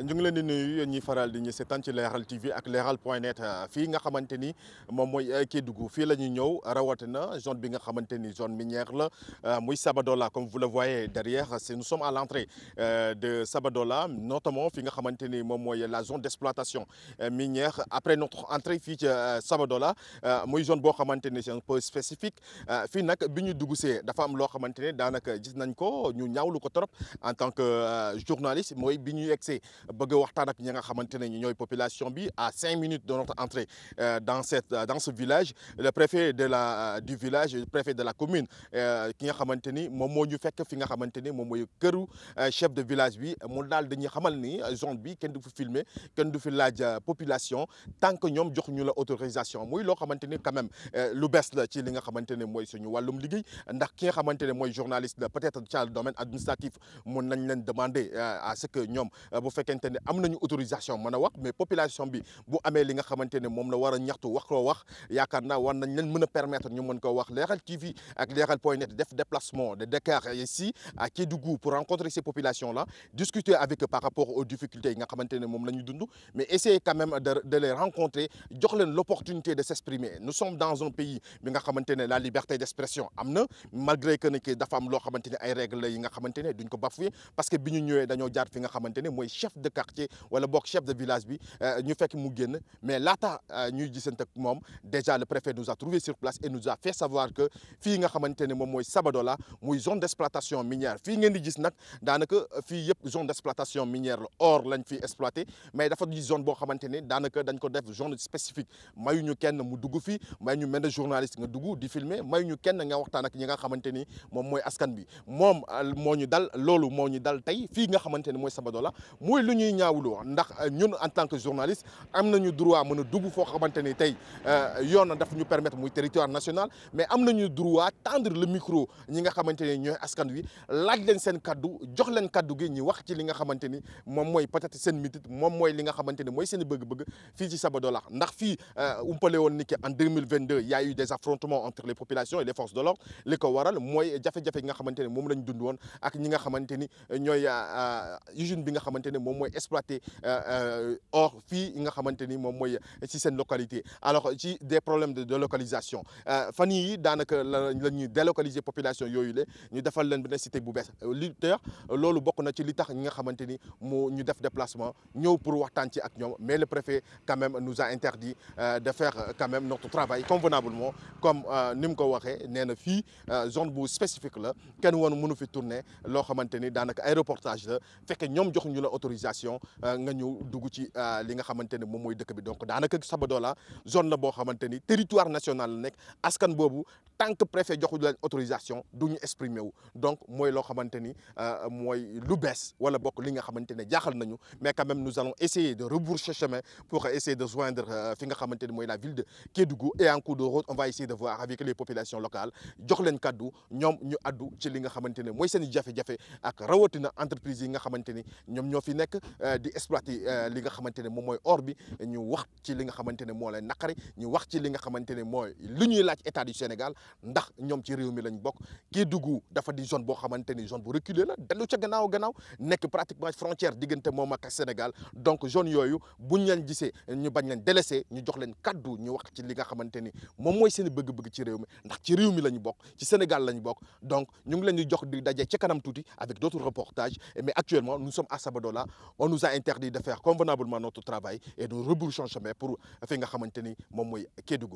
ñu ngi leen di nuyu yéen faral di ñu setan ci Leral TV ak Leral point net fii nga xamante ni moom mooy euh, Kédougou fii la ñuy ñëw rawatina zone bi nga xamante ni zone minière la euh, muy Sabadola comme vous le voyez derrière c'est nous sommes à l'entrée euh, de Sabadola notamment fi nga xamante ni moom mooy la zone d'exploitation minière après notre entrée fii ci Sabadola muy zone boo xamante ni c'est un spécifique fii nag bi ñu dugg see dafa am loo xamante ni daanaka gis nañ ko ñu ñaawlu ko trop en tant que journaliste mooy bi ñu yegsee bëgg waxtaan ak ñi nga xamante ne ñooy population bi à cinq minutes de notre entrée euh, dans cette euh, dans ce village le préfet de la euh, du village le préfet de la commune ki nga xamante ni moom moo ñu fekk fi nga xamante ni moom mooy këru chef de village bi mu daal dañuy xamal ni zone bi kenn du fi filmer kenn du fi laaj population tant que ñoom jox ñu la autorisation muy loo xamante ni quand même lu bees la ci li nga xamante ne mooy suñu wàllum liggéey ndax ki nga xamante ne mooy journaliste la peut-être ci domaine administratif mun nañ leen demander à ce que fekkente ne am nañu autorisation mën wax mais population bi bu amee li nga xamante moom la war ñaxtu wax wax yaakaar naa war nañ leen mën a ñu mën ko wax Leral TV ak Leral point net def déplacement de Dakar ici avec par rapport aux difficultés yi nga xamante moom la ñu dund mais essayer quand de de rencontrer jox l'opportunité de s'exprimer nous sommes dans un pays bi nga xamante la liberté d'expression am na malgré que ne dafa am de quartier wala bokk chef de village bi euh, ñu fekk mu génn mais laata euh, ñuy gisante ak moom déjà le préfet nous a trouvé sur place et nous a fait savoir que fii nga xamante ne moom mooy Sabadola muy zone d'exploitation minière fii ngeen di gis nag daanaka fii yëpp zone d'exploitation minière la or lañ fi exploité mais dafa di zone boo xamante ne daanaka dañ ko def zone spécifique mayuñu kenn mu dugg fi mayuñu mel ne journaliste nga dugg di filmer ñu kenn nga waxtaan ak ñi nga xamante ni moom mooy askan bi moom euh, moo ñu dal loolu moo ñu dal tey fii nga xamante ne mooy Sabadola muy lu ñuy ñaawlu ndax euh, ñun en tant que journaliste am nañu droit mën a dugg foo xamante tey euh, yoon daf ñu permettre muy territoire national mais am nañu droit tendre le micro ñi nga xamante ñooy askan wi laaj leen seen kaddu jox leen kaddu gi ñu wax li nga xamante moom mooy peut seen mitit moom mooy li nga xamante mooy seen bëgg-bëgg fii ci Sabodala ndax fii euh, umpale woon ni que en 2022 a des affrontements entre les populations et les forces mooy exploiter euh, euh, or fii nga xamante ni moom mooy ci seen localité alors ci des problèmes de délocalisation euh, fan yi daanaka la la ñuy délocaliser population yooyu la ñu defal leen benn cité bu bees li tax loolu bokk na ci li tax ñi nga xamante ni mu ñu def déplacement ñëw pour waxtaan ci ak ñoom mais le préfet quand même nous a interdit de faire quand notre travail convenablement comme ni ko waxee nee na fii zone bu spécifique la kenn woon mënu fi tourner loo xamante ni daanaka communication euh, nga ñëw dugg ci euh, li nga xamante moom mooy dëkk bi donc daanaka Sabodala zone la boo xamante ni territoire national la nekk askan boobu tant que préfet joxu leen autorisation du ñu exprimer wu donc mooy loo xamante ni euh, mooy lu bees wala bokk li nga xamante ne jaaxal nañu mais quand même nous allons essayer de rebrousser chemin pour essayer de mooy la ville de Kédougou et en cours de route on va essayer de voir avec les populations locales jox leen kaddu ñoom ñu addu ci li nga xamante ne mooy seen jafe-jafe ak rawatina entreprise yi nga xamante ni ñoom ñoo fi nekk Euh, di exploiter euh, li nga xamante ne moom mooy or bi ñu wax ci li nga xamante ne moo lay naqari ñu wax ci li nga xamante ne mooy lu ñuy laaj état du Sénégal ndax ñoom ci réew mi lañ bokk Kédougou dafa di zone boo xamante ni zone bu reculée la dellu ca gannaaw gannaaw nekk pratiquement frontière diggante moom ak Sénégal donc zone yooyu buñ leen gisee ñu bañ leen délaissé ñu jox leen kaddu ñu wax ci li nga xamante ni moom mooy seen bëgg-bëgg ci réew mi ndax ci réew mi la ñu bokk ci Sénégal la ñu bokk donc ñu ngi leen di jox di daje ci kanam tuuti avec d'autres reportages mais actuellement nous sommes à Sabadola on nous a interdit de faire convenablement notre travail et nous rebroussons chemin pour fi nga xamante ni moom mooy Kédougou